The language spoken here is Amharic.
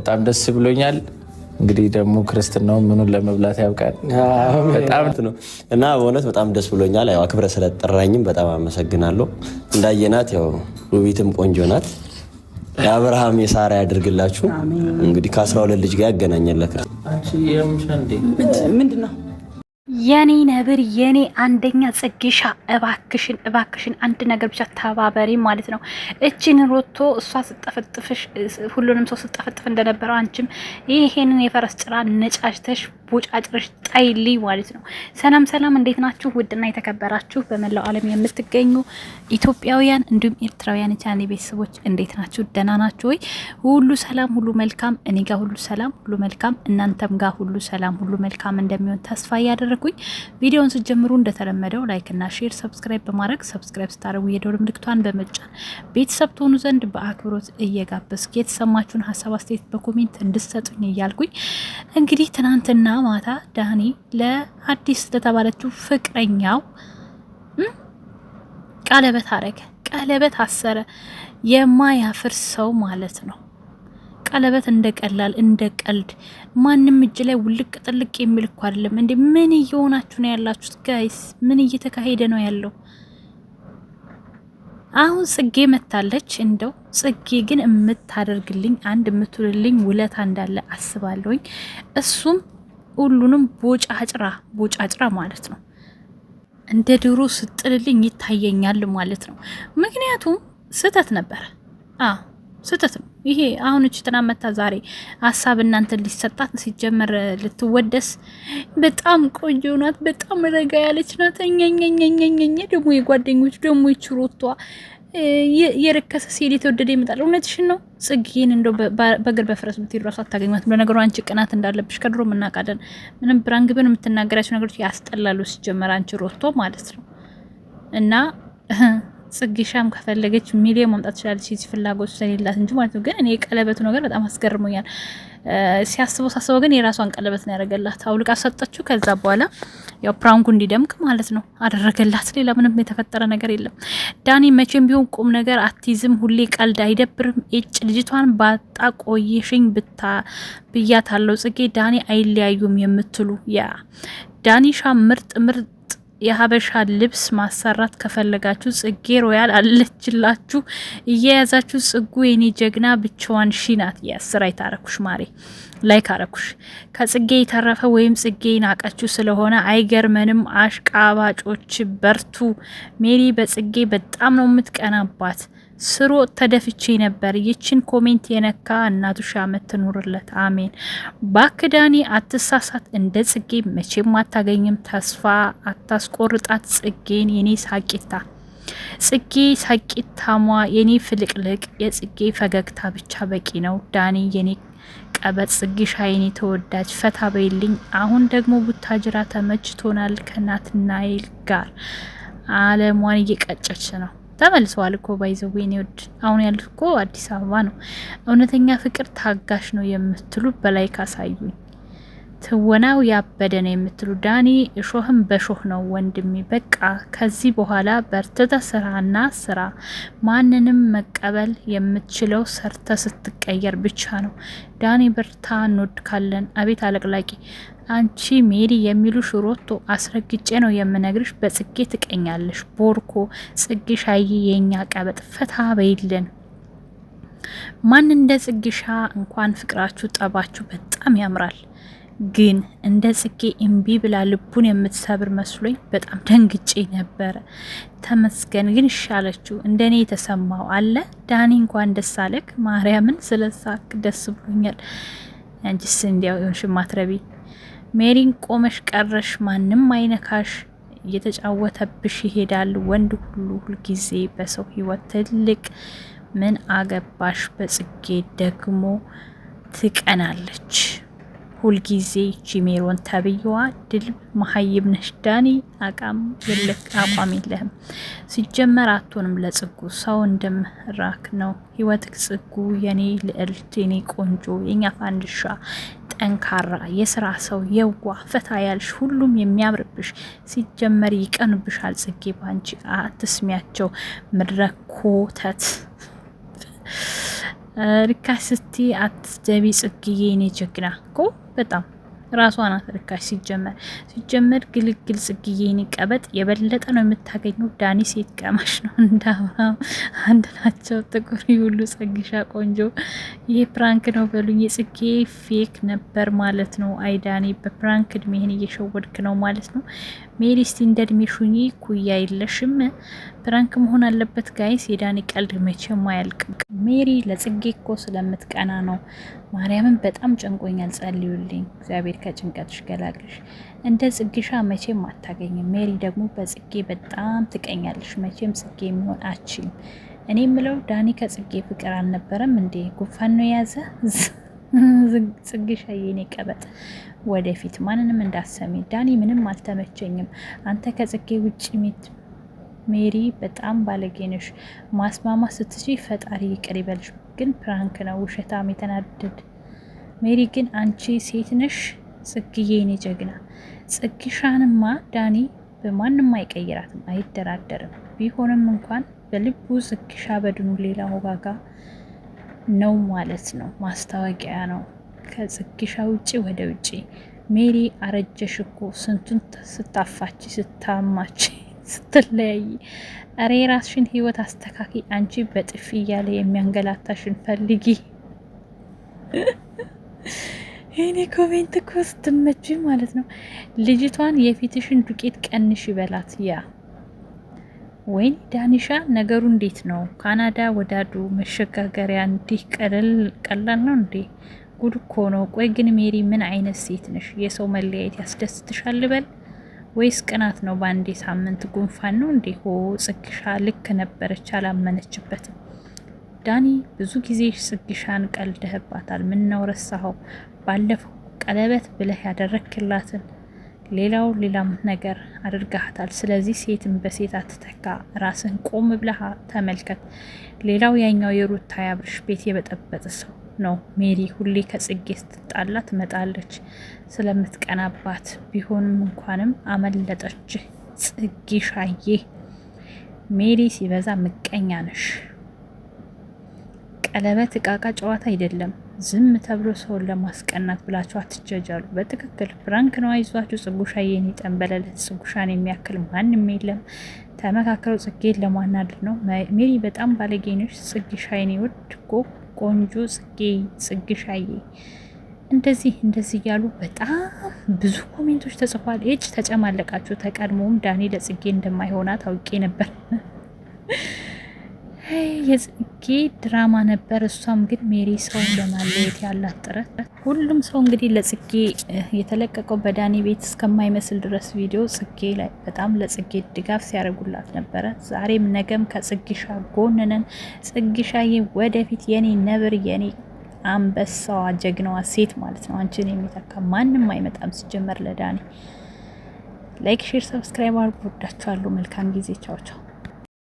በጣም ደስ ብሎኛል። እንግዲህ ደግሞ ክርስትናው ምኑን ለመብላት ያብቃል። በጣም ነው እና በእውነት በጣም ደስ ብሎኛል። ያው አክብረ ስለጠራኝም በጣም አመሰግናለሁ። እንዳየናት ያው ውቢትም ቆንጆ ናት። የአብርሃም የሳራ ያድርግላችሁ። እንግዲህ ከአስራ ሁለት ልጅ ጋር ያገናኘለክ ምንድን ነው የኔ ነብር የኔ አንደኛ ጽጌሻ እባክሽን እባክሽን አንድ ነገር ብቻ ተባበሪ ማለት ነው። እችን ሮቶ እሷ ስጠፈጥፍሽ ሁሉንም ሰው ስጠፈጥፍ እንደነበረው አንቺም ይሄንን የፈረስ ጭራ ነጫጭተሽ ቦጫጭረሽ ጣይልይ ማለት ነው። ሰላም ሰላም፣ እንዴት ናችሁ? ውድና የተከበራችሁ በመላው ዓለም የምትገኙ ኢትዮጵያውያን እንዲሁም ኤርትራውያን የቻኔ ቤተሰቦች እንዴት ናችሁ? ደህና ናችሁ ወይ? ሁሉ ሰላም፣ ሁሉ መልካም። እኔ ጋር ሁሉ ሰላም፣ ሁሉ መልካም። እናንተም ጋር ሁሉ ሰላም፣ ሁሉ መልካም እንደሚሆን ተስፋ እያደረግ እያልኩኝ ቪዲዮውን ስጀምሩ እንደተለመደው ላይክና ሼር፣ ሰብስክራይብ በማድረግ ሰብስክራይብ ስታደርጉ የደወል ምልክቷን በመጫን ቤተሰብ ትሆኑ ዘንድ በአክብሮት እየጋበዝኩ የተሰማችሁን ሀሳብ አስተያየት በኮሜንት እንድሰጡኝ እያልኩኝ እንግዲህ ትናንትና ማታ ዳኒ ለአዲስ ለተባለችው ፍቅረኛው ቀለበት አረገ፣ ቀለበት አሰረ። የማያፍር ሰው ማለት ነው። ቀለበት እንደ ቀላል እንደ ቀልድ ማንም እጅ ላይ ውልቅ ጥልቅ የሚል እኮ አይደለም እንዴ! ምን እየሆናችሁ ነው ያላችሁት ጋይስ? ምን እየተካሄደ ነው ያለው? አሁን ጽጌ መታለች። እንደው ጽጌ ግን የምታደርግልኝ አንድ የምትውልልኝ ውለታ እንዳለ አስባለሁኝ። እሱም ሁሉንም ቦጫጭራ ቦጫጭራ ማለት ነው እንደ ድሮ ስጥልልኝ ይታየኛል ማለት ነው። ምክንያቱም ስህተት ነበረ። ስህተት ነው ይሄ። አሁን እች ትናንት መታ ዛሬ ሀሳብ እናንተ ሊሰጣት ሲጀመር ልትወደስ በጣም ቆንጆ ናት፣ በጣም ረጋ ያለች ናት። እኛኛኛኛኛ ደግሞ የጓደኞች ደግሞ ይችሮቷ የረከሰ ሲል የተወደደ ይመጣል። እውነትሽን ነው። ጽጌን እንደው በእግር በፍረስ ብትሄድ ራሱ አታገኟት። ለነገሩ አንቺ ቅናት እንዳለብሽ ከድሮ እናውቃለን። ምንም ብራንግብን የምትናገራቸው ነገሮች ያስጠላሉ። ሲጀመር አንቺ ሮቶ ማለት ነው እና ጽጌሻም ከፈለገች ሚሊዮን ማምጣት ትችላለች። የዚህ ፍላጎት ስለሌላት እንጂ ማለት ነው። ግን እኔ ቀለበቱ ነገር በጣም አስገርሞኛል። ሲያስበው ሳስበው ግን የራሷን ቀለበት ነው ያደረገላት። አውልቃ ሰጠችው። ከዛ በኋላ ያው ፕራንኩ እንዲደምቅ ማለት ነው አደረገላት። ሌላ ምንም የተፈጠረ ነገር የለም። ዳኒ መቼም ቢሆን ቁም ነገር አትይዝም፣ ሁሌ ቀልድ አይደብርም። እጭ ልጅቷን ባጣ ቆይሽኝ ብታ ብያት አለው ጽጌ ዳኒ አይለያዩም የምትሉ ያ ዳኒሻ ምርጥ ምርጥ የሀበሻ ልብስ ማሰራት ከፈለጋችሁ ጽጌ ሮያል አለችላችሁ እየያዛችሁ። ጽጉ የኔ ጀግና ብቻዋን ሺ ናት። የአስር አይታረኩሽ ማሬ ላይ ካረኩሽ ከጽጌ የተረፈ ወይም ጽጌ ናቃችሁ ስለሆነ አይገርመንም። አሽቃባጮች በርቱ። ሜሪ በጽጌ በጣም ነው የምትቀናባት። ስሮ ተደፍቼ ነበር። ይችን ኮሜንት የነካ እናቱ ሺህ ዓመት ትኑርለት። አሜን። ባክዳኒ አትሳሳት። እንደ ጽጌ መቼም አታገኝም። ተስፋ አታስቆርጣት ጽጌን የኔ ሳቂታ ጽጌ ሳቂታሟ የኔ ፍልቅልቅ የጽጌ ፈገግታ ብቻ በቂ ነው። ዳኒ የኔ ቀበጥ ጽጌሻ የኔ ተወዳጅ ፈታ በይልኝ። አሁን ደግሞ ቡታጅራ ተመችቶናል። ከናትናኤል ጋር አለሟን እየቀጨች ነው። ተመልሰዋል እኮ ባይዘዌ ኔ ውድ አሁን ያልኩ አዲስ አበባ ነው። እውነተኛ ፍቅር ታጋሽ ነው የምትሉ በላይ ካሳዩኝ ትወናው ያበደ ነው የምትሉ ዳኒ እሾህም በሾህ ነው ወንድሜ። በቃ ከዚህ በኋላ በርትተ ስራና ስራ። ማንንም መቀበል የምትችለው ሰርተ ስትቀየር ብቻ ነው። ዳኒ በርታ፣ እንወድካለን። አቤት አለቅላቂ አንቺ ሜሪ የሚሉ ሽሮቶ አስረግጬ ነው የምነግርሽ። በጽጌ ትቀኛለሽ። ቦርኮ ጽጌ ሻይ የኛ ቀበጥ ፈታ በይልን ማን እንደ ጽጌሻ እንኳን ፍቅራችሁ ጠባችሁ በጣም ያምራል። ግን እንደ ጽጌ እምቢ ብላ ልቡን የምትሰብር መስሎኝ በጣም ደንግጬ ነበረ። ተመስገን ግን ይሻለችው። እንደኔ የተሰማው አለ ዳኒ እንኳን ደስ አለክ። ማርያምን ስለሳክ ደስ ብሎኛል። አንቺስ እንዲያው የሆንሽ ማትረቢ ሜሪን ቆመሽ ቀረሽ፣ ማንም አይነካሽ። እየተጫወተብሽ ይሄዳል ወንድ ሁሉ ሁልጊዜ በሰው ህይወት ትልቅ ምን አገባሽ። በጽጌ ደግሞ ትቀናለች። ሁልጊዜ ጂሜሮን ተብዬዋ ድልብ መሀይም ነሽ ዳኒ፣ አቋም የለክ አቋም የለህም። ሲጀመር አትሆንም ለጽጉ ሰው እንደምራክ ነው ህይወትክ። ጽጉ የኔ ልዕልት፣ የኔ ቆንጆ፣ የኛ ፋንድሻ፣ ጠንካራ፣ የስራ ሰው፣ የዋ ፈታ ያልሽ፣ ሁሉም የሚያምርብሽ። ሲጀመር ይቀኑብሻል ጽጌ፣ ባንቺ አትስሚያቸው። ምድረ ኮተት ርካሽ ስቲ አትስደቢ ጽግዬ ኔ ጀግና እኮ በጣም ራሷ ናት ርካሽ። ሲጀመር ሲጀመር ግልግል ጽግዬ ኔ ቀበጥ የበለጠ ነው የምታገኘው። ዳኒ ሴት ቀማሽ ነው እንደ አንድ ናቸው። ጥቁር ሁሉ ጸግሻ ቆንጆ። ይህ ፕራንክ ነው በሉኝ። የጽጌ ፌክ ነበር ማለት ነው። አይ ዳኒ፣ በፕራንክ እድሜህን እየሸወድክ ነው ማለት ነው። ሜሪ እስቲ ኩያ የለሽም። ፕራንክ መሆን አለበት ጋይስ። የዳኒ ቀልድ መቼም አያልቅም። ሜሪ ለጽጌ እኮ ስለምትቀና ነው። ማርያምን በጣም ጨንቆኛል፣ ጸልዩልኝ። እግዚአብሔር ከጭንቀትሽ ገላግልሽ። እንደ ጽጌሻ መቼም አታገኝም። ሜሪ ደግሞ በጽጌ በጣም ትቀኛለሽ። መቼም ጽጌ የሚሆን አችልም። እኔ ምለው ዳኒ ከጽጌ ፍቅር አልነበረም እንዴ? ጉንፋን ነው የያዘ ጽጌሻ የኔ ቀበጥ ወደፊት ማንንም እንዳሰሚ። ዳኒ ምንም አልተመቸኝም። አንተ ከጽጌ ውጭ ሚት ሜሪ በጣም ባለጌነሽ ማስማማ ማስማማት ስትች ፈጣሪ ይቅር ይበልሽ። ግን ፕራንክ ነው፣ ውሸታም የተናደድ ሜሪ ግን አንቺ ሴት ነሽ። ጽግዬ የኔ ጀግና ጽግሻንማ ዳኒ በማንም አይቀይራትም፣ አይደራደርም። ቢሆንም እንኳን በልቡ ጽግሻ በድኑ ሌላ ወጋጋ ነው ማለት ነው። ማስታወቂያ ነው። ከጽጌሻ ውጪ ወደ ውጪ ሜሪ አረጀሽ እኮ ስንቱን ስታፋች ስታማች ስትለያይ፣ እሬ ራስሽን ህይወት አስተካኪ አንቺ በጥፊ እያለ የሚያንገላታሽን ፈልጊ። ይኔ ኮሜንት እኮ ስትመች ማለት ነው። ልጅቷን የፊትሽን ዱቄት ቀንሽ ይበላት ያ ወይ ዳኒሻ ነገሩ እንዴት ነው? ካናዳ ወዳዱ መሸጋገሪያ እንዲህ ቀላል ነው እንዴ? ጉድ እኮ ነው። ቆይ ግን ሜሪ ምን አይነት ሴት ነሽ? የሰው መለያየት ያስደስትሻል በል ወይስ ቅናት ነው? በአንዴ ሳምንት ጉንፋን ነው እንዴ? ሆ ጽግሻ ልክ ነበረች፣ አላመነችበትም። ዳኒ ብዙ ጊዜ ጽግሻን ቀልደህባታል። ነው ረሳኸው? ባለፈው ቀለበት ብለህ ያደረክላትን ሌላው ሌላም ነገር አድርጋታል ስለዚህ ሴትን በሴት አትተካ፣ ራስን ቆም ብለህ ተመልከት። ሌላው ያኛው የሩታ ያብርሽ ቤት የበጠበጠ ሰው ነው። ሜሪ ሁሌ ከጽጌ ስትጣላ ትመጣለች ስለምትቀናባት። ቢሆንም እንኳንም አመለጠች ጽጌ ሻዬ። ሜሪ ሲበዛ ምቀኛ ነሽ። ቀለበት እቃቃ ጨዋታ አይደለም። ዝም ተብሎ ሰውን ለማስቀናት ብላችሁ አትጀጃሉ። በትክክል ፍራንክ ነው። አይዟችሁ ጽጉሻ፣ የኔ ጠንበለለ ጽጉሻን የሚያክል ማንም የለም። ተመካከሉ። ጽጌን ለማናደድ ነው። ሜሪ በጣም ባለጌኖች። ጽግሻ፣ የኔ ውድ ቆንጆ ጽጌ፣ ጽግሻዬ እንደዚህ እንደዚህ እያሉ በጣም ብዙ ኮሜንቶች ተጽፏል። እጅ ተጨማለቃችሁ። ተቀድሞም ዳኒ ለጽጌ እንደማይሆና ታውቄ ነበር። ኬ ድራማ ነበር። እሷም ግን ሜሪ ሰውን ለማለየት ያላት ጥረት ሁሉም ሰው እንግዲህ ለጽጌ የተለቀቀው በዳኒ ቤት እስከማይመስል ድረስ ቪዲዮ ጽጌ ላይ በጣም ለጽጌ ድጋፍ ሲያደርጉላት ነበረ። ዛሬም ነገም ከጽጌሻ ጎንነን ጽጌሻዬ ወደፊት የኔ ነብር የኔ አንበሳዋ ጀግናዋ ሴት ማለት ነው። አንቺን የሚተካ ማንም አይመጣም። ሲጀመር ለዳኒ ላይክ፣ ሼር፣ ሰብስክራይብ አድርጉ። ወዳችኋለሁ። መልካም ጊዜ። ቻው ቻው